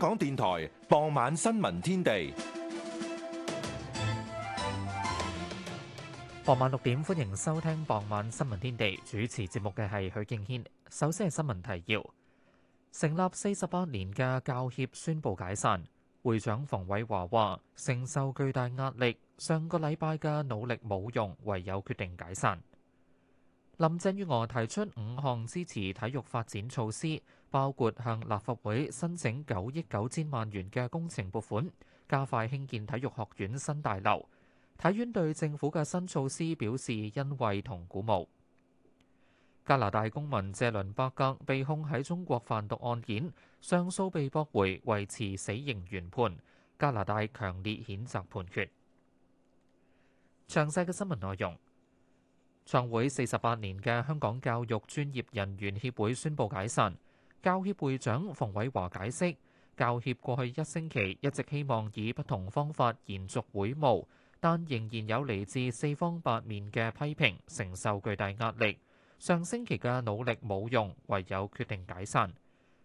港電台傍晚新聞天地，傍晚六點歡迎收聽傍晚新聞天地。主持節目嘅係許敬軒。首先係新聞提要：成立四十八年嘅教協宣布解散，會長馮偉華話承受巨大壓力，上個禮拜嘅努力冇用，唯有決定解散。林鄭月娥提出五項支持體育發展措施。包括向立法會申請九億九千萬元嘅工程撥款，加快興建體育學院新大樓。體院對政府嘅新措施表示欣慰同鼓舞。加拿大公民謝倫伯格被控喺中國販毒案件，上訴被駁回，維持死刑原判。加拿大強烈譴責判決。詳細嘅新聞內容，創會四十八年嘅香港教育專業人員協會宣布解散。教協會長馮偉華解釋，教協過去一星期一直希望以不同方法延續會務，但仍然有嚟自四方八面嘅批評，承受巨大壓力。上星期嘅努力冇用，唯有決定解散。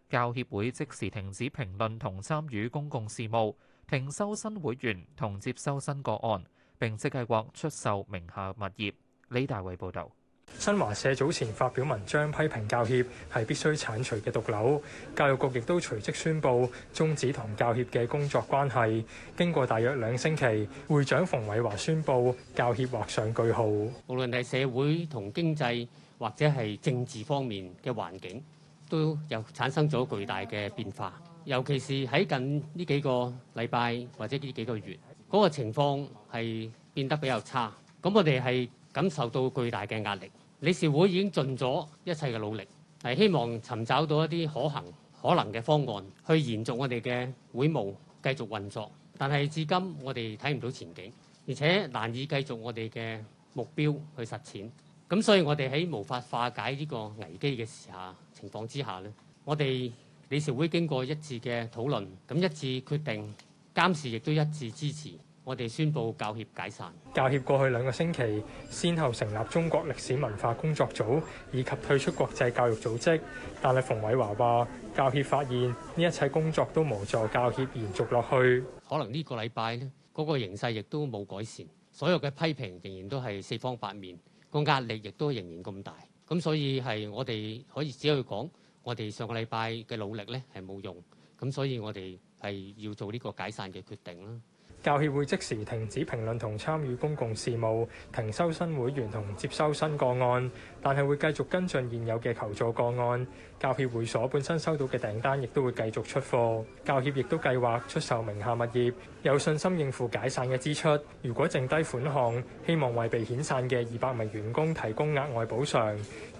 教協會即時停止評論同參與公共事務，停收新會員同接收新個案，並即計劃出售名下物業。李大偉報導。新華社早前發表文章批評教協係必須鏟除嘅毒瘤，教育局亦都隨即宣布終止同教協嘅工作關係。經過大約兩星期，會長馮偉華宣布教協畫上句號。無論係社會同經濟或者係政治方面嘅環境，都有產生咗巨大嘅變化。尤其是喺近呢幾個禮拜或者呢幾個月，嗰個情況係變得比較差。咁我哋係。感受到巨大嘅壓力，理事會已經盡咗一切嘅努力，係希望尋找到一啲可行可能嘅方案，去延續我哋嘅會務繼續運作。但係至今我哋睇唔到前景，而且難以繼續我哋嘅目標去實踐，咁所以，我哋喺無法化解呢個危機嘅時下情況之下咧，我哋理事會經過一致嘅討論，咁一致決定監事亦都一致支持。我哋宣布教協解散。教協過去兩個星期先後成立中國歷史文化工作組，以及退出國際教育組織。但係馮偉華話，教協發現呢一切工作都無助教協延續落去。可能呢個禮拜咧，嗰個形勢亦都冇改善，所有嘅批評仍然都係四方八面，個壓力亦都仍然咁大。咁所以係我哋可以只可以講，我哋上個禮拜嘅努力呢係冇用。咁所以我哋係要做呢個解散嘅決定啦。教協會即時停止評論同參與公共事務，停收新會員同接收新個案，但係會繼續跟進現有嘅求助個案。教協會所本身收到嘅訂單亦都會繼續出貨。教協亦都計劃出售名下物業，有信心應付解散嘅支出。如果剩低款項，希望為被遣散嘅二百名員工提供額外補償，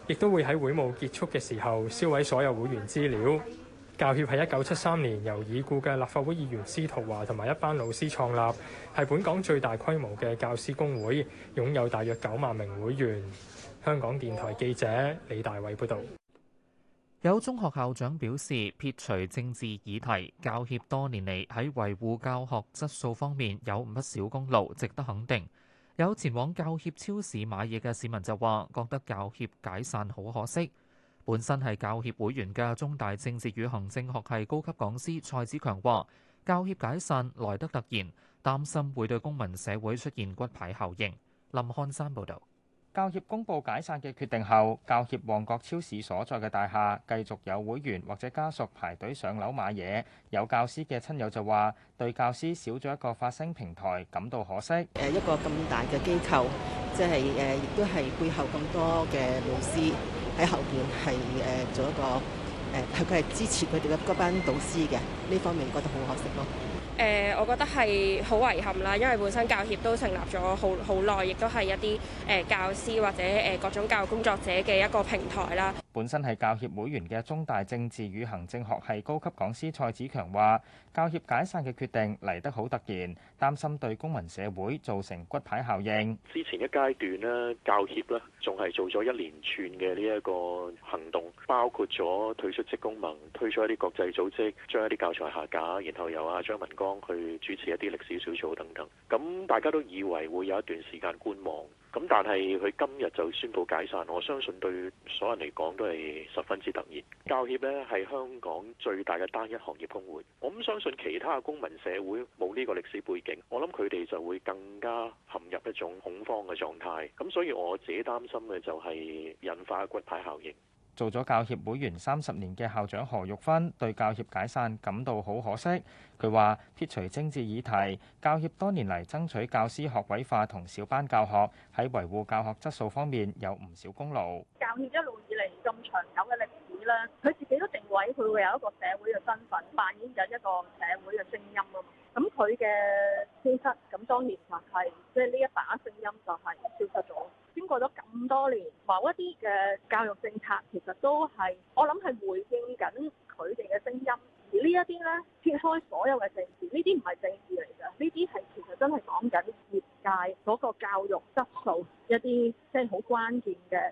亦都會喺會務結束嘅時候銷毀所有會員資料。教協喺一九七三年由已故嘅立法會議員司徒華同埋一班老師創立，係本港最大規模嘅教師工會，擁有大約九萬名會員。香港電台記者李大偉報導。有中學校長表示，撇除政治議題，教協多年嚟喺維護教學質素方面有唔少功勞，值得肯定。有前往教協超市買嘢嘅市民就話，覺得教協解散好可惜。本身係教協會員嘅中大政治與行政學系高級講師蔡子強話：教協解散來得突然，擔心會對公民社會出現骨牌效應。林漢山報導。教協公布解散嘅決定後，教協旺角超市所在嘅大廈繼續有會員或者家屬排隊上樓買嘢。有教師嘅親友就話：對教師少咗一個發聲平台，感到可惜。誒一個咁大嘅機構，即係誒亦都係背後咁多嘅老師。喺後邊係誒做一個誒，佢、呃、係支持佢哋嘅嗰班導師嘅，呢方面覺得好可惜咯。誒，我覺得係好遺憾啦，因為本身教協都成立咗好好耐，亦都係一啲誒教師或者誒各種教育工作者嘅一個平台啦。本身係教協會員嘅中大政治與行政學系高級講師蔡子強話，教協解散嘅決定嚟得好突然，擔心對公民社會造成骨牌效應。之前一階段呢，教協呢仲係做咗一連串嘅呢一個行動，包括咗退出職工盟，退出一啲國際組織，將一啲教材下架，然後由阿張文光幫佢主持一啲歷史小組等等，咁大家都以為會有一段時間觀望，咁但係佢今日就宣布解散，我相信對所有人嚟講都係十分之突然。教協呢係香港最大嘅單一行業工會，我唔相信其他嘅公民社會冇呢個歷史背景，我諗佢哋就會更加陷入一種恐慌嘅狀態，咁所以我自己擔心嘅就係引發骨牌效應。做咗教協會員三十年嘅校長何玉芬對教協解散感到好可惜。佢話：撇除政治議題，教協多年嚟爭取教師學位化同小班教學，喺維護教學質素方面有唔少功勞。教協一路以嚟咁長久嘅歷史啦，佢自己都定位佢會有一個社會嘅身份，扮演緊一個社會嘅聲音囉。咁佢嘅消失，咁當然就係即係呢一把聲音就係消失咗。經過咗咁多年，某一啲嘅教育政策，其實都係我諗係回應緊佢哋嘅聲音。而呢一啲咧，撇開所有嘅政治，呢啲唔係政治嚟㗎，呢啲係其實真係講緊業界嗰個教育質素一啲，即係好關鍵嘅。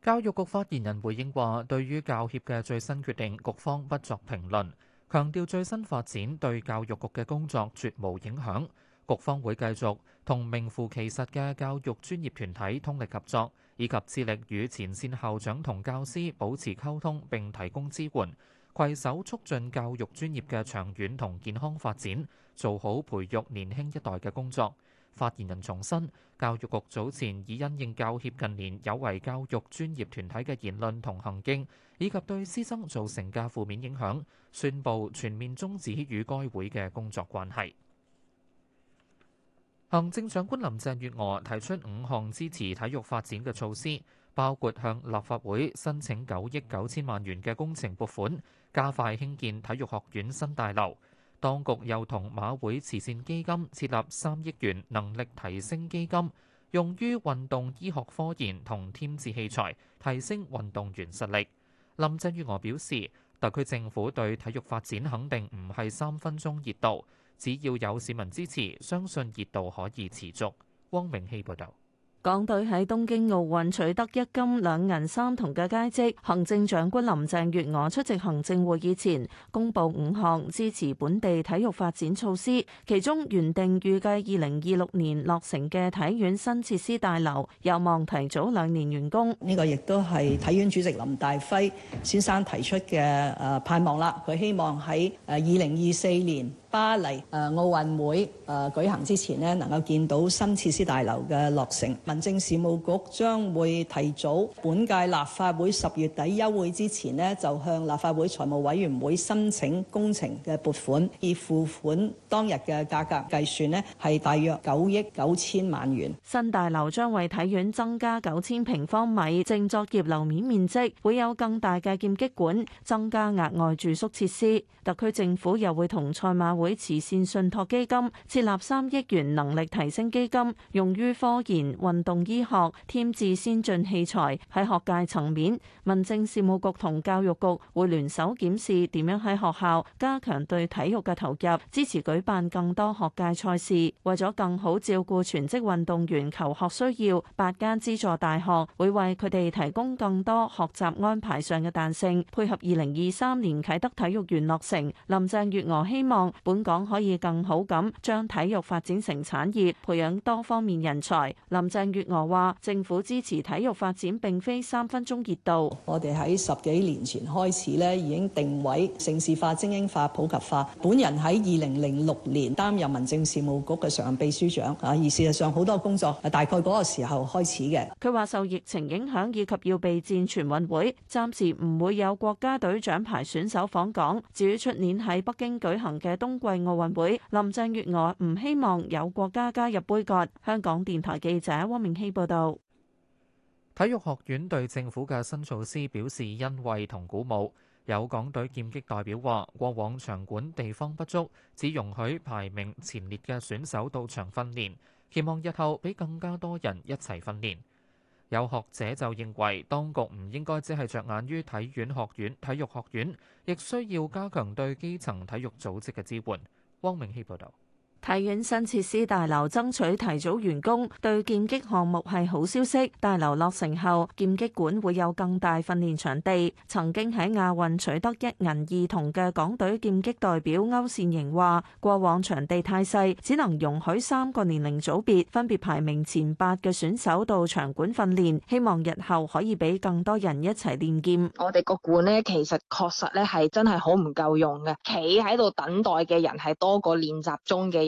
教育局發言人回應話，對於教協嘅最新決定，局方不作評論，強調最新發展對教育局嘅工作絕無影響。局方會繼續同名副其實嘅教育專業團體通力合作，以及致力與前綫校長同教師保持溝通，並提供支援，攜手促進教育專業嘅長遠同健康發展，做好培育年輕一代嘅工作。發言人重申，教育局早前已因應教協近年有違教育專業團體嘅言論同行徑，以及對師生造成嘅負面影響，宣佈全面終止與該會嘅工作關係。行政長官林鄭月娥提出五項支持體育發展嘅措施，包括向立法會申請九億九千萬元嘅工程撥款，加快興建體育學院新大樓。當局又同馬會慈善基金設立三億元能力提升基金，用於運動醫學科研同添置器材，提升運動員實力。林鄭月娥表示，特區政府對體育發展肯定唔係三分鐘熱度，只要有市民支持，相信熱度可以持續。汪明希報導。港隊喺東京奧運取得一金兩銀三銅嘅佳績。行政長官林鄭月娥出席行政會議前，公布五項支持本地體育發展措施，其中原定預計二零二六年落成嘅體院新設施大樓，有望提早兩年完工。呢個亦都係體院主席林大輝先生提出嘅誒盼望啦。佢希望喺誒二零二四年。巴黎誒奧運會誒舉行之前咧，能夠見到新設施大樓嘅落成。民政事務局將會提早本屆立法會十月底休會之前咧，就向立法會財務委員會申請工程嘅撥款，而付款當日嘅價格計算咧，係大約九億九千萬元。新大樓將為體院增加九千平方米正作業樓面面積，會有更大嘅劍擊館，增加額外住宿設施。特區政府又會同賽馬。會慈善信託基金設立三億元能力提升基金，用於科研、運動醫學添置先進器材。喺學界層面，民政事務局同教育局會聯手檢視點樣喺學校加強對體育嘅投入，支持舉辦更多學界賽事。為咗更好照顧全職運動員求學需要，八間資助大學會為佢哋提供更多學習安排上嘅彈性，配合二零二三年啟德體育園落成。林鄭月娥希望。本港可以更好咁將體育發展成產業，培養多方面人才。林鄭月娥話政府支持體育發展並非三分鐘熱度。我哋喺十幾年前開始咧，已經定位城市化、精英化、普及化。本人喺二零零六年擔任民政事務局嘅常任秘書長啊，而事實上好多工作大概嗰個時候開始嘅。佢話受疫情影響以及要備戰全運會，暫時唔會有國家隊獎牌選手訪港。至於出年喺北京舉行嘅冬。季奧運會，林鄭月娥唔希望有國家加入杯葛。香港電台記者汪明熙報道。體育學院對政府嘅新措施表示欣慰同鼓舞。有港隊劍擊代表話，過往場館地方不足，只容許排名前列嘅選手到場訓練，期望日後俾更加多人一齊訓練。有學者就認為，當局唔應該只係着眼於體院學院、體育學院，亦需要加強對基層體育組織嘅支援。汪明希報導。體院新設施大樓爭取提早完工，對劍擊項目係好消息。大樓落成後，劍擊館會有更大訓練場地。曾經喺亞運取得一銀二銅嘅港隊劍擊代表歐善瑩話，過往場地太細，只能容許三個年齡組別，分別排名前八嘅選手到場館訓練。希望日後可以俾更多人一齊練劍。我哋個館呢，其實確實咧係真係好唔夠用嘅，企喺度等待嘅人係多過練習中嘅。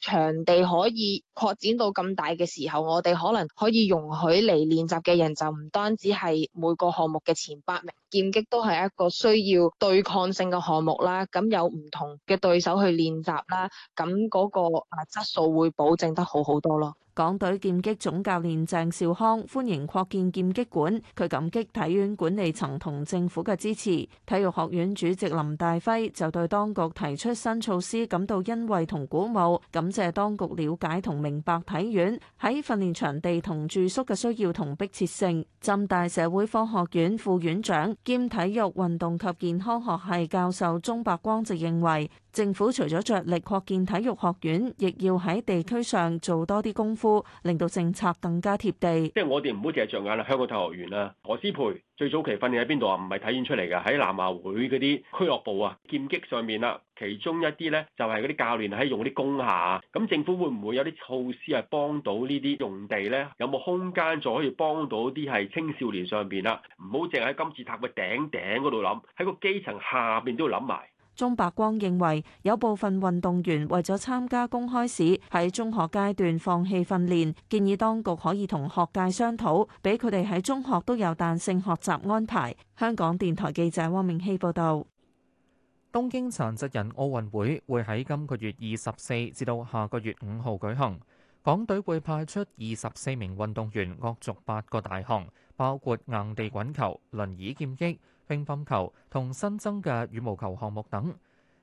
場地可以擴展到咁大嘅時候，我哋可能可以容許嚟練習嘅人就唔單止係每個項目嘅前八名，劍擊都係一個需要對抗性嘅項目啦。咁有唔同嘅對手去練習啦，咁嗰個誒質素會保證得好好多咯。港隊劍擊總教練鄭少康歡迎擴建劍擊館，佢感激體院管理層同政府嘅支持。體育學院主席林大輝就對當局提出新措施感到欣慰同鼓舞咁。感謝當局了解同明白體院喺訓練場地同住宿嘅需要同迫切性。浸大社會科學院副院長兼體育運動及健康學系教授鍾伯光就認為。政府除咗着力擴建體育學院，亦要喺地區上做多啲功夫，令到政策更加貼地。即係我哋唔好淨係着眼啦，香港體育學院啦，何詩培最早期訓練喺邊度啊？唔係體院出嚟嘅，喺南華會嗰啲俱樂部啊，劍擊上面啦。其中一啲咧就係嗰啲教練喺用嗰啲功下。咁政府會唔會有啲措施係幫到呢啲用地咧？有冇空間就可以幫到啲係青少年上邊啦？唔好淨喺金字塔嘅頂頂嗰度諗，喺個基層下邊都要諗埋。鍾伯光認為有部分運動員為咗參加公開試，喺中學階段放棄訓練，建議當局可以同學界商討，俾佢哋喺中學都有彈性學習安排。香港電台記者汪明希報道。東京殘疾人奧運會會喺今個月二十四至到下個月五號舉行，港隊會派出二十四名運動員，角逐八個大項，包括硬地滾球、輪椅劍擊。乒乓球同新增嘅羽毛球項目等。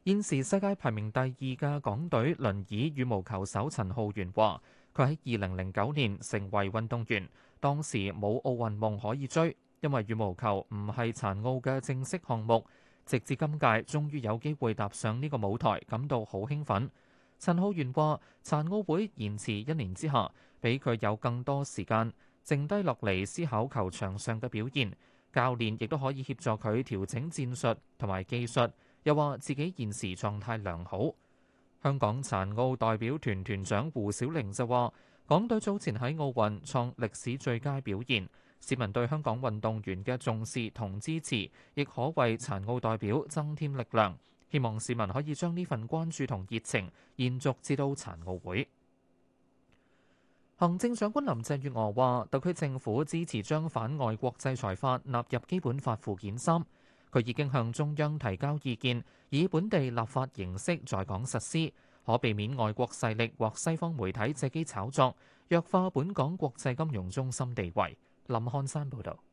現時世界排名第二嘅港隊輪椅羽毛球手陳浩源話，佢喺二零零九年成為運動員，當時冇奧運夢可以追，因為羽毛球唔係殘奧嘅正式項目。直至今屆終於有機會踏上呢個舞台，感到好興奮。陳浩源話，殘奧會延遲一年之下，俾佢有更多時間，靜低落嚟思考球場上嘅表現。教練亦都可以協助佢調整戰術同埋技術，又話自己現時狀態良好。香港殘奧代表團團長胡小玲就話：港隊早前喺奧運創歷史最佳表現，市民對香港運動員嘅重視同支持，亦可為殘奧代表增添力量。希望市民可以將呢份關注同熱情延續至到殘奧會。行政長官林鄭月娥話：特區政府支持將反外國制裁法納入基本法附件三。佢已經向中央提交意見，以本地立法形式在港實施，可避免外國勢力或西方媒體借機炒作，弱化本港國際金融中心地位。林漢山報導。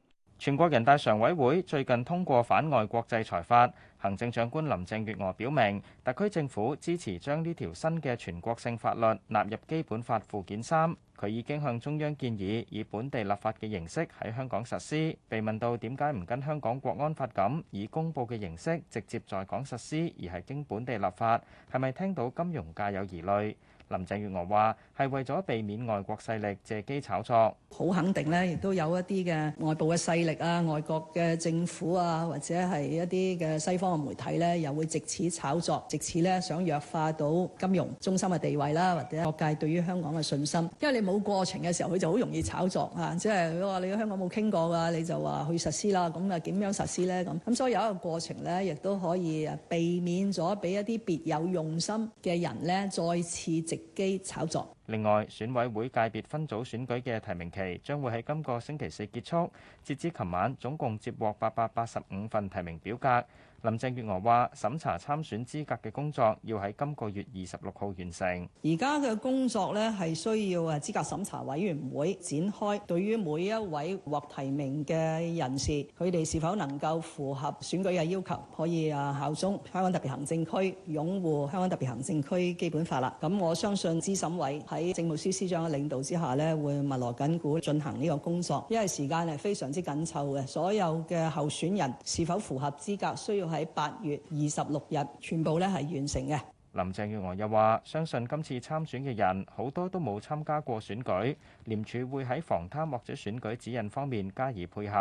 全國人大常委會最近通過反外國制裁法，行政長官林鄭月娥表明，特區政府支持將呢條新嘅全國性法律納入基本法附件三。佢已經向中央建議以本地立法嘅形式喺香港實施。被問到點解唔跟香港國安法咁以公布嘅形式直接在港實施，而係經本地立法，係咪聽到金融界有疑慮？林鄭月娥話：係為咗避免外國勢力借機炒作，好肯定咧，亦都有一啲嘅外部嘅勢力啊，外國嘅政府啊，或者係一啲嘅西方嘅媒體咧，又會藉此炒作，藉此咧想弱化到金融中心嘅地位啦，或者各界對於香港嘅信心。因為你冇過程嘅時候，佢就好容易炒作啊！即係佢話你喺香港冇傾過㗎，你就話去實施啦。咁啊，點樣實施咧？咁咁，所以有一個過程咧，亦都可以避免咗俾一啲別有用心嘅人咧，再次藉機炒作。另外，選委會界別分組選舉嘅提名期將會喺今個星期四結束。截至琴晚，總共接獲八百八十五份提名表格。林鄭月娥話審查參選資格嘅工作要喺今個月二十六號完成。而家嘅工作咧，係需要啊資格審查委員會展開對於每一位獲提名嘅人士，佢哋是否能夠符合選舉嘅要求，可以啊效忠香港特別行政區擁護香港特別行政區基本法啦。咁我相信資審委喺政務司司長嘅領導之下咧，會密鑼緊鼓進行呢個工作，因為時間係非常之緊湊嘅。所有嘅候選人是否符合資格，需要喺八月二十六日，全部咧係完成嘅。林鄭月娥又話，相信今次參選嘅人好多都冇參加過選舉，廉署會喺防貪或者選舉指引方面加以配合。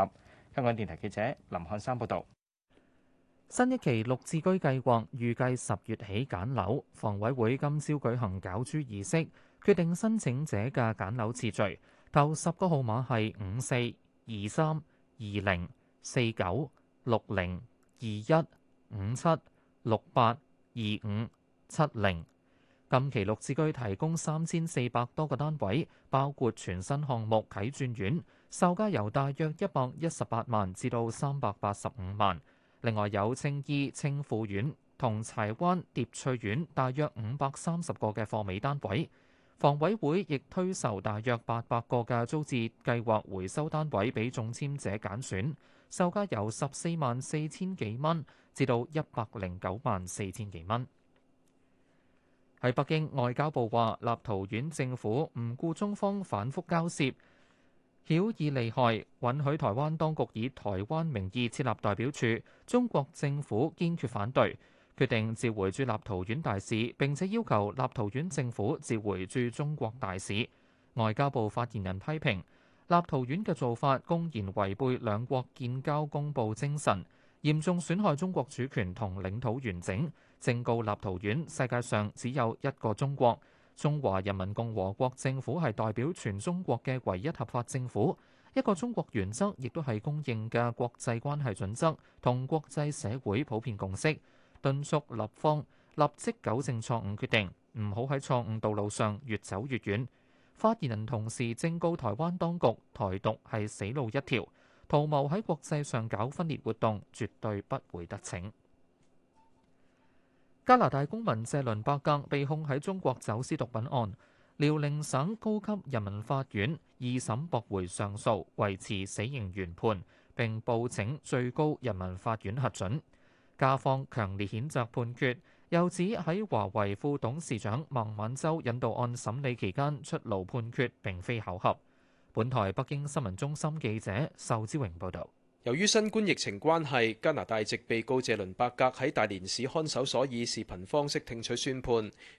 香港電台記者林漢山報道。新一期綠置居計劃預計十月起揀樓，房委會今朝舉行攪珠儀式，決定申請者嘅揀樓次序。夠十個號碼係五四二三二零四九六零。二一五七六八二五七零，近期綠置居提供三千四百多個單位，包括全新項目啟鑽苑售價由大約一百一十八萬至到三百八十五萬。另外有青衣青富苑同柴灣蝶翠苑，大約五百三十個嘅貨尾單位。房委會亦推售大約八百個嘅租置計劃回收單位俾中簽者揀選。售價由十四萬四千幾蚊至到一百零九萬四千幾蚊。喺北京，外交部話，立陶宛政府唔顧中方反覆交涉，曉以利害，允許台灣當局以台灣名義設立代表處。中國政府堅決反對，決定召回駐立陶宛大使，並且要求立陶宛政府召回駐中國大使。外交部發言人批評。立陶宛嘅做法公然違背兩國建交公佈精神，嚴重損害中國主權同領土完整。正告立陶宛：世界上只有一個中國，中華人民共和國政府係代表全中國嘅唯一合法政府。一個中國原則亦都係公認嘅國際關係準則同國際社會普遍共識。敦促立方立即糾正錯誤決定，唔好喺錯誤道路上越走越遠。發言人同時正告台灣當局，台獨係死路一條，圖謀喺國際上搞分裂活動，絕對不會得逞。加拿大公民謝倫伯格被控喺中國走私毒品案，遼寧省高級人民法院二審駁回上訴，維持死刑原判，並報請最高人民法院核准。加方強烈譴責判決。又指喺華為副董事長孟晚舟引渡案審理期間出爐判決，並非巧合。本台北京新聞中心記者壽之榮報導。由於新冠疫情關係，加拿大籍被告謝倫伯格喺大連市看守所以視頻方式聽取宣判。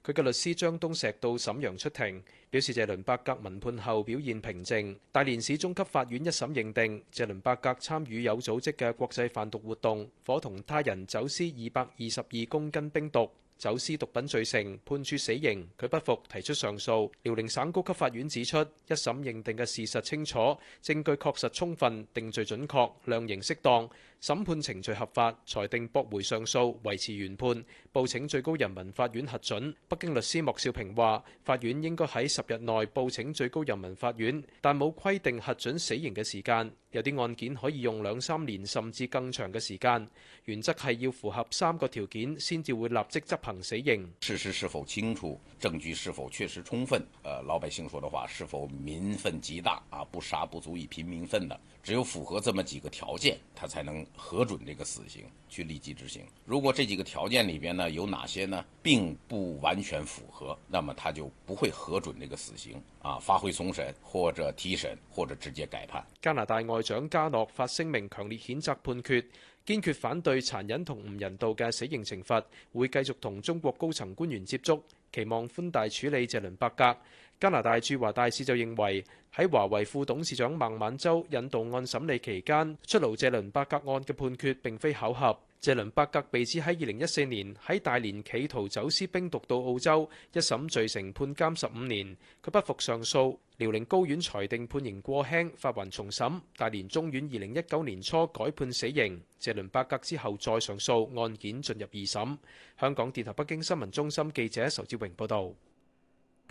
佢嘅律師張東石到瀋陽出庭，表示謝倫伯格聞判後表現平靜。大連市中級法院一審認定謝倫伯格參與有組織嘅國際販毒活動，伙同他人走私二百二十二公斤冰毒。走私毒品罪成，判處死刑。佢不服，提出上訴。遼寧省高級法院指出，一審認定嘅事實清楚，證據確實充分，定罪準確，量刑適當。審判程序合法，裁定駁回上訴，維持原判，報請最高人民法院核准。北京律師莫少平話：法院應該喺十日內報請最高人民法院，但冇規定核准死刑嘅時間。有啲案件可以用兩三年甚至更長嘅時間。原則係要符合三個條件先至會立即執行死刑。事實是否清楚？證據是否確實充分？呃，老百姓說的話是否民憤極大？啊，不殺不足以平民憤的。只有符合這麼幾個條件，他才能核准這個死刑去立即執行。如果這幾個條件裏邊呢，有哪些呢，並不完全符合，那麼他就不會核准這個死刑啊，發回重審或者提審或者直接改判。加拿大外長加諾發聲明，強烈譴責判決，堅決反對殘忍同不人道嘅死刑懲罰，會繼續同中國高層官員接觸，期望寬大處理謝倫伯格。加拿大駐華大使就認為，喺華為副董事長孟晚舟引渡案審理期間，出爐謝倫伯格案嘅判決並非巧合。謝倫伯格被指喺二零一四年喺大連企圖走私冰毒到澳洲，一審罪成判監十五年，佢不服上訴，遼寧高院裁定判刑過輕，發還重審。大連中院二零一九年初改判死刑。謝倫伯格之後再上訴，案件進入二審。香港電台北京新聞中心記者仇志榮報導。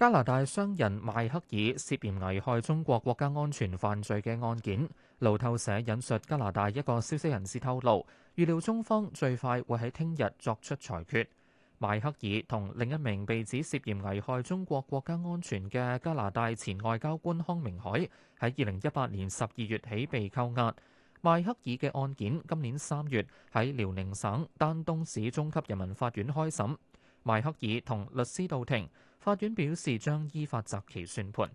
加拿大商人邁克爾涉嫌危害中國國家安全犯罪嘅案件，路透社引述加拿大一個消息人士透露，預料中方最快會喺聽日作出裁決。邁克爾同另一名被指涉嫌危害中國國家安全嘅加拿大前外交官康明凱，喺二零一八年十二月起被扣押。邁克爾嘅案件今年三月喺遼寧省丹東市中級人民法院開審。邁克爾同律師到庭。法院表示將依法擇期宣判。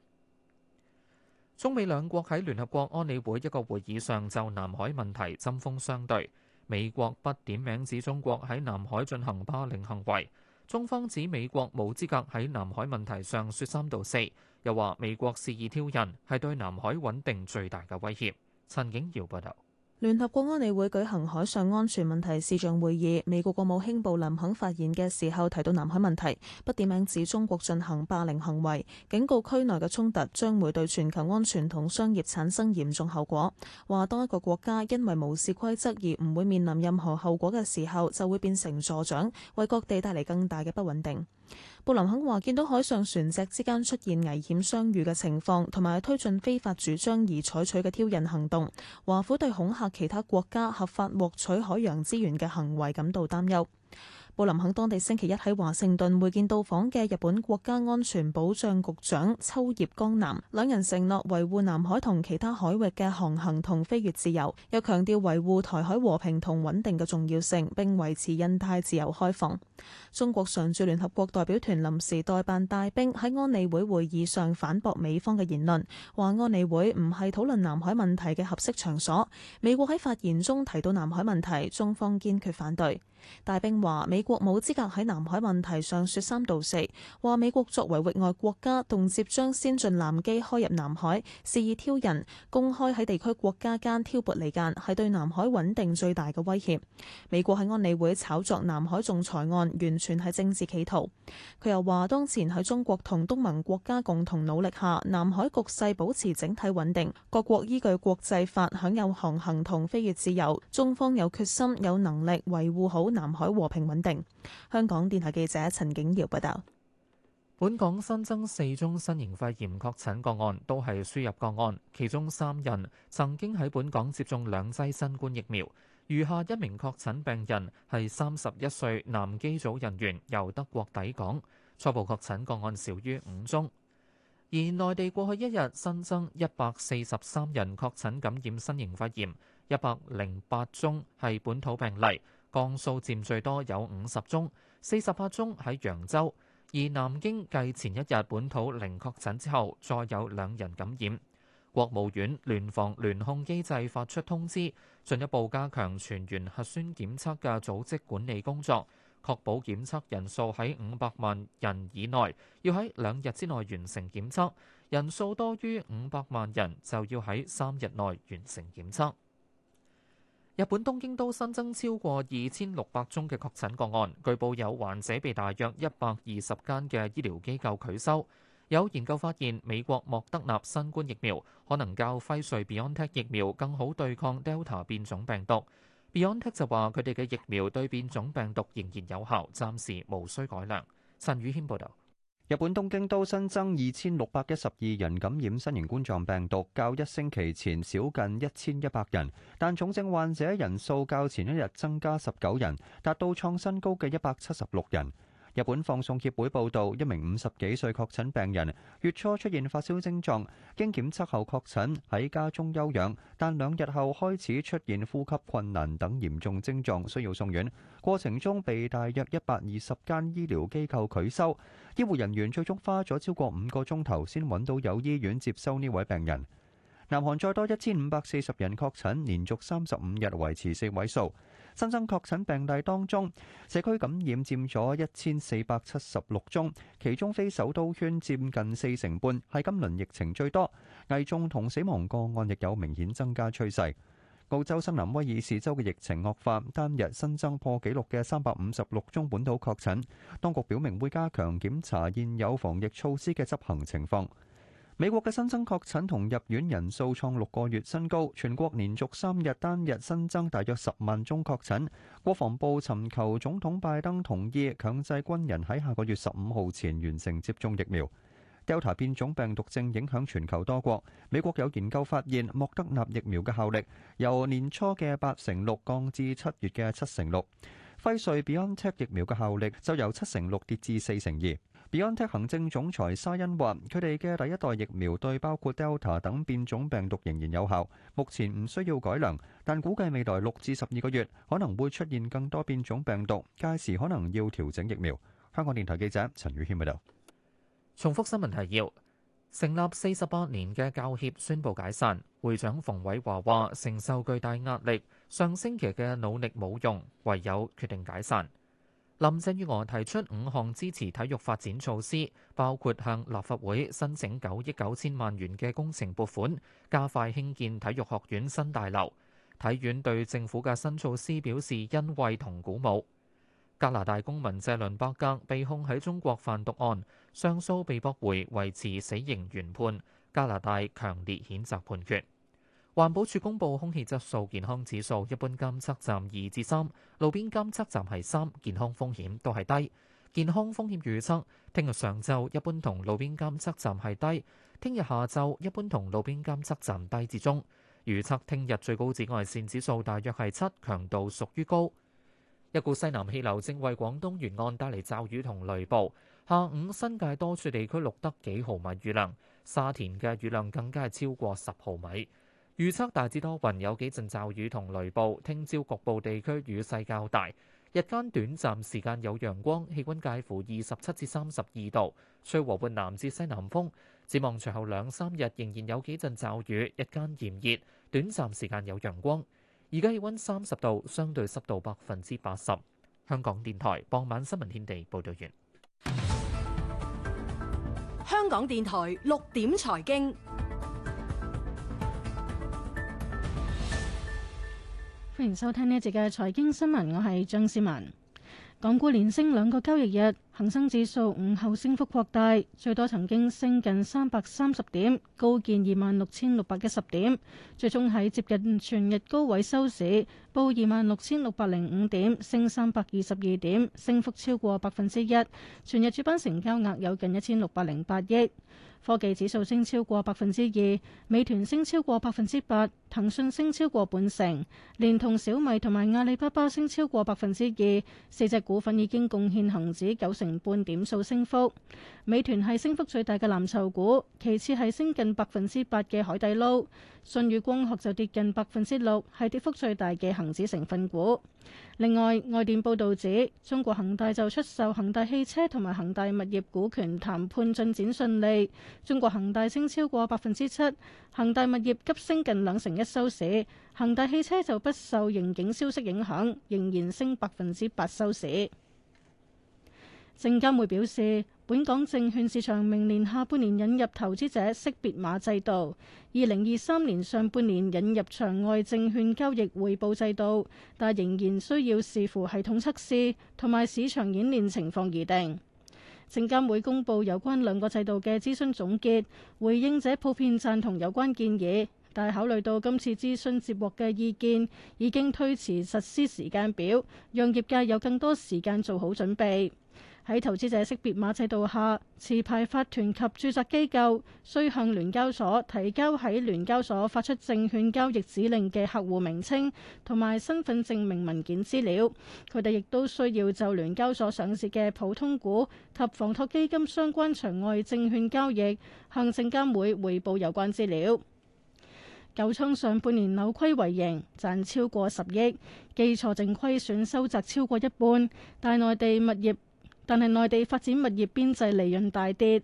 中美兩國喺聯合國安理會一個會議上就南海問題針鋒相對，美國不點名指中國喺南海進行霸凌行為，中方指美國冇資格喺南海問題上說三道四，又話美國肆意挑釁係對南海穩定最大嘅威脅。陳景堯報道。聯合國安理會舉行海上安全問題視像會議，美國國務卿布林肯發言嘅時候提到南海問題，不點名指中國進行霸凌行為，警告區內嘅衝突將會對全球安全同商業產生嚴重後果。話當一個國家因為無視規則而唔會面臨任何後果嘅時候，就會變成助長，為各地帶嚟更大嘅不穩定。布林肯話：見到海上船隻之間出現危險相遇嘅情況，同埋推進非法主張而採取嘅挑釁行動，華府對恐嚇其他國家合法獲取海洋資源嘅行為感到擔憂。布林肯當地星期一喺華盛頓會見到訪嘅日本國家安全保障局長秋葉剛男，兩人承諾維護南海同其他海域嘅航行同飛越自由，又強調維護台海和平同穩定嘅重要性，並維持印太自由開放。中國常駐聯合國代表團臨時代辦戴兵喺安理會會議上反駁美方嘅言論，話安理會唔係討論南海問題嘅合適場所。美國喺發言中提到南海問題，中方堅決反對。大兵話美國冇資格喺南海問題上說三道四，話美國作為域外國家，動輒將先進艦機開入南海，肆意挑釁，公開喺地區國家間挑撥離間，係對南海穩定最大嘅威脅。美國喺安理會炒作南海仲裁案，完全係政治企圖，佢又話當前喺中國同東盟國家共同努力下，南海局勢保持整體穩定，各國依據國際法享有航行同飛越自由。中方有決心、有能力維護好，南海和平穩定。香港電台記者陳景瑤報道，本港新增四宗新型肺炎確診個案，都係輸入個案，其中三人曾經喺本港接種兩劑新冠疫苗，餘下一名確診病人係三十一歲男機組人員，由德國抵港。初步確診個案少於五宗，而內地過去一日新增一百四十三人確診感染新型肺炎，一百零八宗係本土病例。降數佔最多有五十宗，四十八宗喺揚州，而南京繼前一日本土零確診之後，再有兩人感染。國務院聯防聯控機制發出通知，進一步加強全員核酸檢測嘅組織管理工作，確保檢測人數喺五百萬人以內，要喺兩日之內完成檢測，人數多於五百萬人就要喺三日內完成檢測。日本東京都新增超過二千六百宗嘅確診個案，據報有患者被大約一百二十間嘅醫療機構拒收。有研究發現，美國莫德納新冠疫苗可能較輝瑞 Biontech 疫苗更好對抗 Delta 變種病毒。Biontech 就話佢哋嘅疫苗對變種病毒仍然有效，暫時無需改良。陳宇謙報道。日本東京都新增二千六百一十二人感染新型冠狀病毒，較一星期前少近一千一百人，但重症患者人數較前一日增加十九人，達到創新高嘅一百七十六人。日本放送協會報道，一名五十幾歲確診病人月初出現發燒症狀，經檢測後確診，喺家中休養，但兩日後開始出現呼吸困難等嚴重症狀，需要送院。過程中被大約一百二十間醫療機構拒收，醫護人員最終花咗超過五個鐘頭先揾到有醫院接收呢位病人。南韓再多一千五百四十人確診，連續三十五日維持四位數。新增確診病例當中，社區感染佔咗一千四百七十六宗，其中非首都圈佔近四成半，係今輪疫情最多。危重同死亡個案亦有明顯增加趨勢。澳洲新南威爾士州嘅疫情惡化，單日新增破紀錄嘅三百五十六宗本土確診，當局表明會加強檢查現有防疫措施嘅執行情況。美國嘅新增確診同入院人數創六個月新高，全國連續三日單日新增大約十萬宗確診。國防部尋求總統拜登同意強制軍人喺下個月十五號前完成接種疫苗。d 查 l t 變種病毒症影響全球多國。美國有研究發現莫德納疫苗嘅效力由年初嘅八成六降至七月嘅七成六，輝瑞比安克疫苗嘅效力就由七成六跌至四成二。BioNTech 行政總裁沙欣話：佢哋嘅第一代疫苗對包括 Delta 等變種病毒仍然有效，目前唔需要改良，但估計未來六至十二個月可能會出現更多變種病毒，屆時可能要調整疫苗。香港電台記者陳宇謙報道。重複新聞提要：成立四十八年嘅教協宣布解散，會長馮偉華話承受巨大壓力，上星期嘅努力冇用，唯有決定解散。林鄭月娥提出五項支持體育發展措施，包括向立法會申請九億九千萬元嘅工程撥款，加快興建體育學院新大樓。體院對政府嘅新措施表示欣慰同鼓舞。加拿大公民謝倫伯格被控喺中國販毒案上訴被駁回，維持死刑原判。加拿大強烈譴責判決。環保署公布空氣質素健康指數，一般監測站二至三，路邊監測站係三，健康風險都係低。健康風險預測聽日上晝一般同路邊監測站係低，聽日下晝一般同路邊監測站低至中。預測聽日最高紫外線指數大約係七，強度屬於高。一股西南氣流正為廣東沿岸帶嚟驟雨同雷暴，下午新界多處地區錄得幾毫米雨量，沙田嘅雨量更加係超過十毫米。預測大致多雲，有幾陣驟雨同雷暴。聽朝局，局部地區雨勢較大，日間短暫時間有陽光，氣温介乎二十七至三十二度，吹和緩南至西南風。展望隨後兩三日仍然有幾陣驟雨，日間炎熱，短暫時間有陽光。而家氣温三十度，相對濕度百分之八十。香港電台傍晚新聞天地報道完。香港電台六點財經。歡迎收聽呢一節嘅財經新聞，我係張思文。港股連升兩個交易日，恒生指數午後升幅擴大，最多曾經升近三百三十點，高見二萬六千六百一十點，最終喺接近全日高位收市，報二萬六千六百零五點，升三百二十二點，升幅超過百分之一。全日主板成交額有近一千六百零八億。科技指數升超過百分之二，美團升超過百分之八，騰訊升超過半成，連同小米同埋阿里巴巴升超過百分之二，四隻股份已經貢獻恒指九成半點數升幅。美團係升幅最大嘅藍籌股，其次係升近百分之八嘅海底撈，舜宇光學就跌近百分之六，係跌幅最大嘅恒指成分股。另外，外電報導指，中國恒大就出售恒大汽車同埋恒大物業股權談判進展順利。中國恒大升超過百分之七，恒大物業急升近兩成一收市。恒大汽車就不受盈警消息影響，仍然升百分之八收市。證監會表示，本港證券市場明年下半年引入投資者識別碼制度，二零二三年上半年引入場外證券交易匯報制度，但仍然需要視乎系統測試同埋市場演練情況而定。證監會公布有關兩個制度嘅諮詢總結，回應者普遍贊同有關建議，但考慮到今次諮詢接獲嘅意見已經推遲實施時間表，讓業界有更多時間做好準備。喺投資者識別碼制度下，持牌法團及註冊機構需向聯交所提交喺聯交所發出證券交易指令嘅客戶名稱同埋身份證明文件資料。佢哋亦都需要就聯交所上市嘅普通股及房託基金相關場外證券交易，向證監會匯報有關資料。九倉上半年扭虧為盈，賺超過十億，基礎淨虧損收窄超過一半，但內地物業。但係內地發展物業邊際利潤大跌，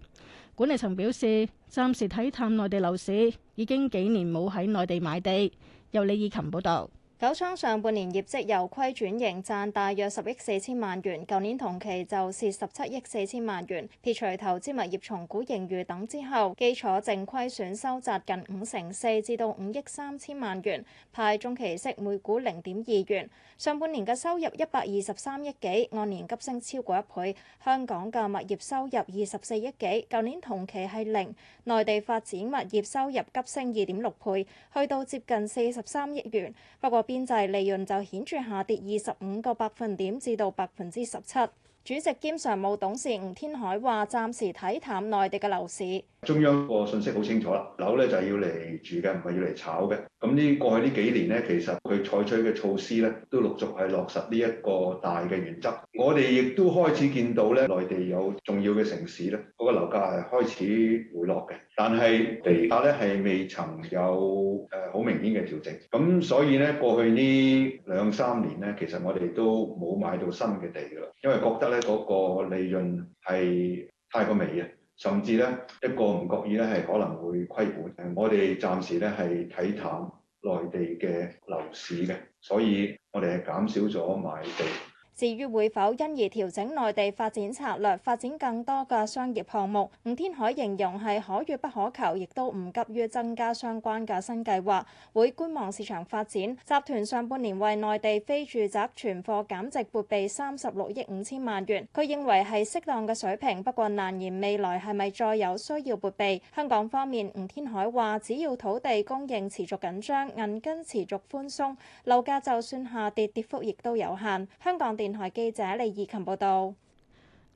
管理層表示暫時睇淡內地樓市，已經幾年冇喺內地買地。由李以琴報道。九倉上半年業績由虧轉盈，賺大約十億四千萬元，舊年同期就蝕十七億四千萬元。撇除投資物業重估盈餘等之後，基礎淨虧損收窄近五成四，至到五億三千萬元，派中期息每股零點二元。上半年嘅收入一百二十三億幾，按年急升超過一倍。香港嘅物業收入二十四億幾，舊年同期係零。內地發展物業收入急升二點六倍，去到接近四十三億元。不過邊際利潤就顯著下跌二十五個百分點，至到百分之十七。主席兼常務董事吳天海話，暫時睇淡內地嘅樓市。中央個信息好清楚啦，樓咧就係要嚟住嘅，唔係要嚟炒嘅。咁呢過去呢幾年咧，其實佢採取嘅措施咧，都陸續係落實呢一個大嘅原則。我哋亦都開始見到咧，內地有重要嘅城市咧，嗰個樓價係開始回落嘅。但係地價呢係未曾有誒好、呃、明顯嘅調整，咁所以呢，過去呢兩三年呢，其實我哋都冇買到新嘅地㗎啦，因為覺得呢嗰、嗰個利潤係太過微啊，甚至呢，一個唔覺意呢係可能會虧本。我哋暫時呢係睇淡內地嘅樓市嘅，所以我哋係減少咗買地。至於會否因而調整內地發展策略，發展更多嘅商業項目，吳天海形容係可遇不可求，亦都唔急於增加相關嘅新計劃，會觀望市場發展。集團上半年為內地非住宅存貨減值撥備三十六億五千萬元，佢認為係適當嘅水平，不過難言未來係咪再有需要撥備。香港方面，吳天海話只要土地供應持續緊張，銀根持續寬鬆，樓價就算下跌，跌幅亦都有限。香港。電台記者李怡琴報道：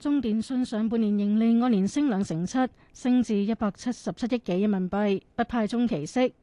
中電信上半年盈利按年升兩成七，升至一百七十七億幾人民幣，不派中期息。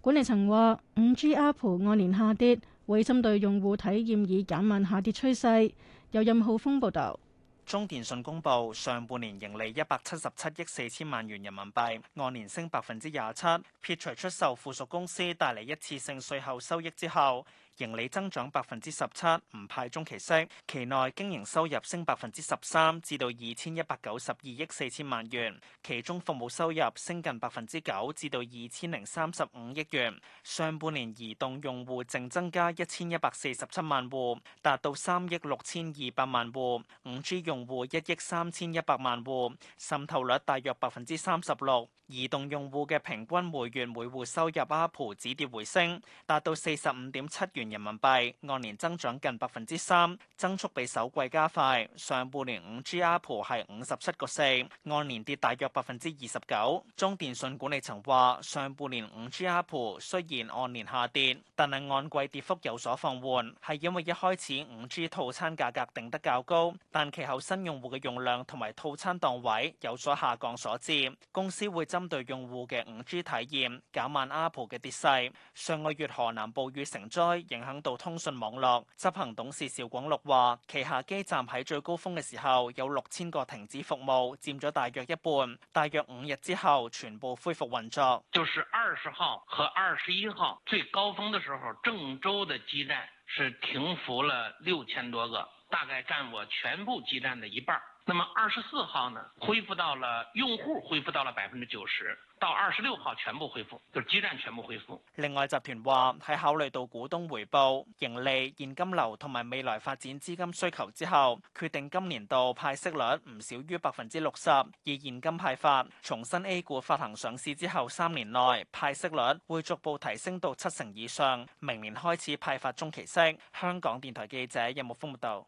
管理層話，五 G ARPU 按年下跌，會針對用戶體驗以減慢下跌趨勢。由任浩峰報道：中電信公佈上半年盈利一百七十七億四千萬元人民幣，按年升百分之廿七，撇除出售附屬公司帶嚟一次性稅後收益之後。盈利增長百分之十七，唔派中期息，期內經營收入升百分之十三，至到二千一百九十二億四千萬元，其中服務收入升近百分之九，至到二千零三十五億元。上半年移動用戶淨增加一千一百四十七萬戶，達到三億六千二百萬戶，五 G 用戶一億三千一百萬戶，滲透率大約百分之三十六。移動用戶嘅平均每月每戶收入阿普止跌回升，達到四十五點七元。人民幣按年增長近百分之三，增速比首季加快。上半年五 g ARPU 係五十七個四，按年跌大約百分之二十九。中電信管理層話，上半年五 g ARPU 雖然按年下跌，但係按季跌幅有所放緩，係因為一開始五 g 套餐價格格定得較高，但其後新用戶嘅用量同埋套餐檔位有所下降所致。公司會針對用戶嘅五 g 體驗減慢 ARPU 嘅跌勢。上個月河南暴雨成災。影響到通訊網絡，執行董事邵廣祿話：旗下基站喺最高峰嘅時候有六千個停止服務，佔咗大約一半。大約五日之後，全部恢復運作。就是二十號和二十一號最高峰的時候，鄭州的基站是停服了六千多個，大概佔我全部基站的一半。那麼二十四號呢，恢復到了用戶恢復到了百分之九十。到二十六號全部恢復，就是、基站全部恢復。另外，集團話喺考慮到股東回報、盈利、現金流同埋未來發展資金需求之後，決定今年度派息率唔少於百分之六十，而現金派發重新 A 股發行上市之後三年內派息率會逐步提升到七成以上。明年開始派發中期息。香港電台記者任木峰報道。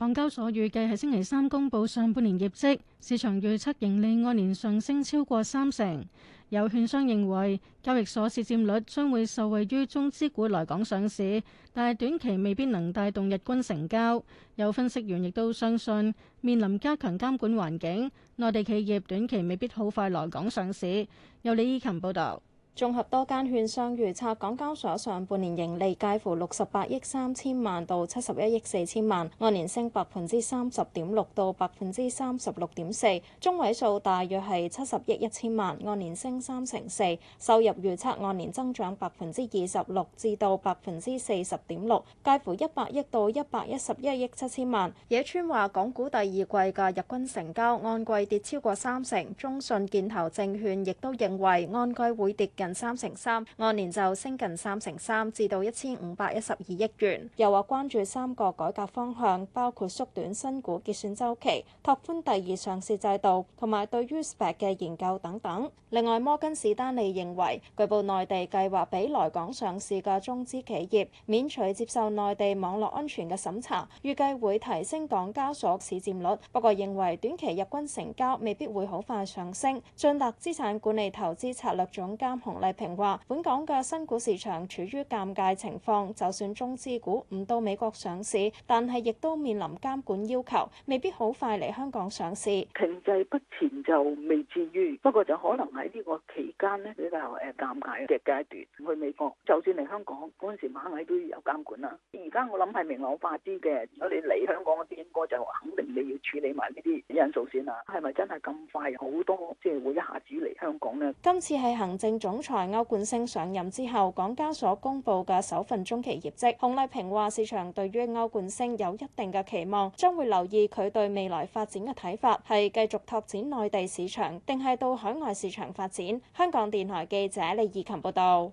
港交所預計喺星期三公佈上半年業績，市場預測盈利按年上升超過三成。有券商認為，交易所市佔率將會受惠於中資股來港上市，但係短期未必能帶動日均成交。有分析員亦都相信，面臨加強監管環境，內地企業短期未必好快來港上市。有李依琴報道。綜合多間券商預測，港交所上半年盈利介乎六十八億三千萬到七十一億四千萬，按年升百分之三十點六到百分之三十六點四，中位數大約係七十億一千萬，按年升三成四。收入預測按年增長百分之二十六至到百分之四十點六，介乎一百億到一百一十一億七千萬。野村話，港股第二季嘅日均成交按季跌超過三成。中信建投證券亦都認為按季會跌。近三成三，按年就升近三成三，至到一千五百一十二億元。又話關注三個改革方向，包括縮短新股結算周期、拓寬第二上市制度，同埋對於 SPAC 嘅研究等等。另外，摩根士丹利認為，據報內地計劃俾來港上市嘅中資企業免除接受內地網絡安全嘅審查，預計會提升港交所市占率。不過，認為短期日均成交未必會好快上升。晉達資產管理投資策略總監。洪麗萍話，本港嘅新股市場處於尷尬情況，就算中資股唔到美國上市，但係亦都面臨監管要求，未必好快嚟香港上市。停滯不前就未至於，不過就可能喺呢個期間呢，比較誒尷尬嘅階段去美國，就算嚟香港嗰陣時螞蟻都要有監管啦。而家我諗係明朗化啲嘅，如果你嚟香港嗰啲應該就肯定你要處理埋呢啲因素先啦。係咪真係咁快好多？即係會一下子嚟香港呢？今次係行政總在歐冠星上任之後，港交所公布嘅首份中期業績，洪麗平話：市場對於歐冠星有一定嘅期望，將會留意佢對未來發展嘅睇法，係繼續拓展內地市場，定係到海外市場發展。香港電台記者李義琴報道，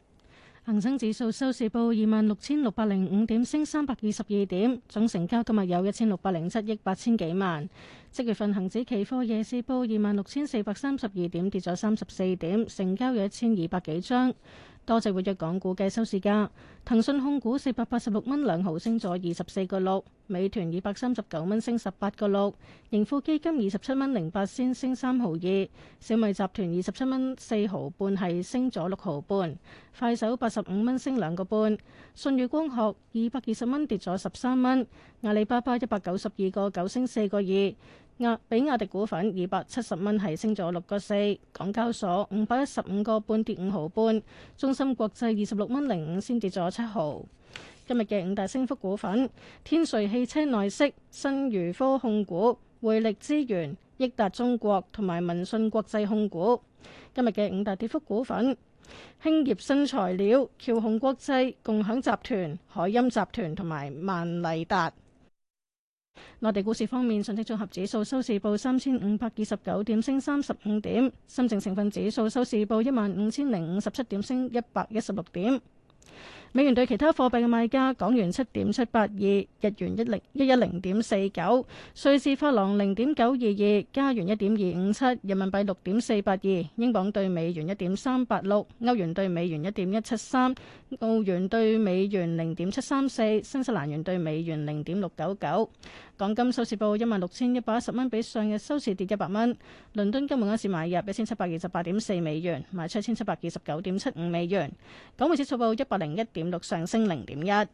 恒生指數收市報二萬六千六百零五點，升三百二十二點，總成交今日有一千六百零七億八千幾萬。即月份恒指期貨夜市報二萬六千四百三十二點，跌咗三十四點，成交有一千二百幾張。多隻活躍港股嘅收市價：騰訊控股四百八十六蚊兩毫，升咗二十四個六；美團二百三十九蚊，升十八個六；盈富基金二十七蚊零八仙，升三毫二；小米集團二十七蚊四毫半，係升咗六毫半；快手八十五蚊，升兩個半；舜宇光學二百二十蚊，跌咗十三蚊；阿里巴巴一百九十二個九，升四個二。亞比亞迪股份二百七十蚊，係升咗六個四。港交所五百一十五個半，跌五毫半。中芯國際二十六蚊零五先，跌咗七毫。今日嘅五大升幅股份：天瑞汽車內飾、新漁科控股、匯力資源、億達中國同埋民信國際控股。今日嘅五大跌幅股份：興業新材料、僑控國際、共享集團、海音集團同埋萬麗達。內地股市方面，上證綜合指數收市報三千五百二十九點，升三十五點；深證成分指數收市報一萬五千零五十七點，升一百一十六點。美元對其他貨幣嘅賣價：港元七點七八二，日元一零一一零點四九，瑞士法郎零點九二二，加元一點二五七，人民幣六點四八二，英鎊對美元一點三八六，歐元對美元一點一七三，澳元對美元零點七三四，新西蘭元對美元零點六九九。港金收市報一萬六千一百一十蚊，16, 比上日收市跌一百蚊。倫敦金每盎司買入一千七百二十八點四美元，賣出一千七百二十九點七五美元。港匯指數報一百零一點六，6, 上升零點一。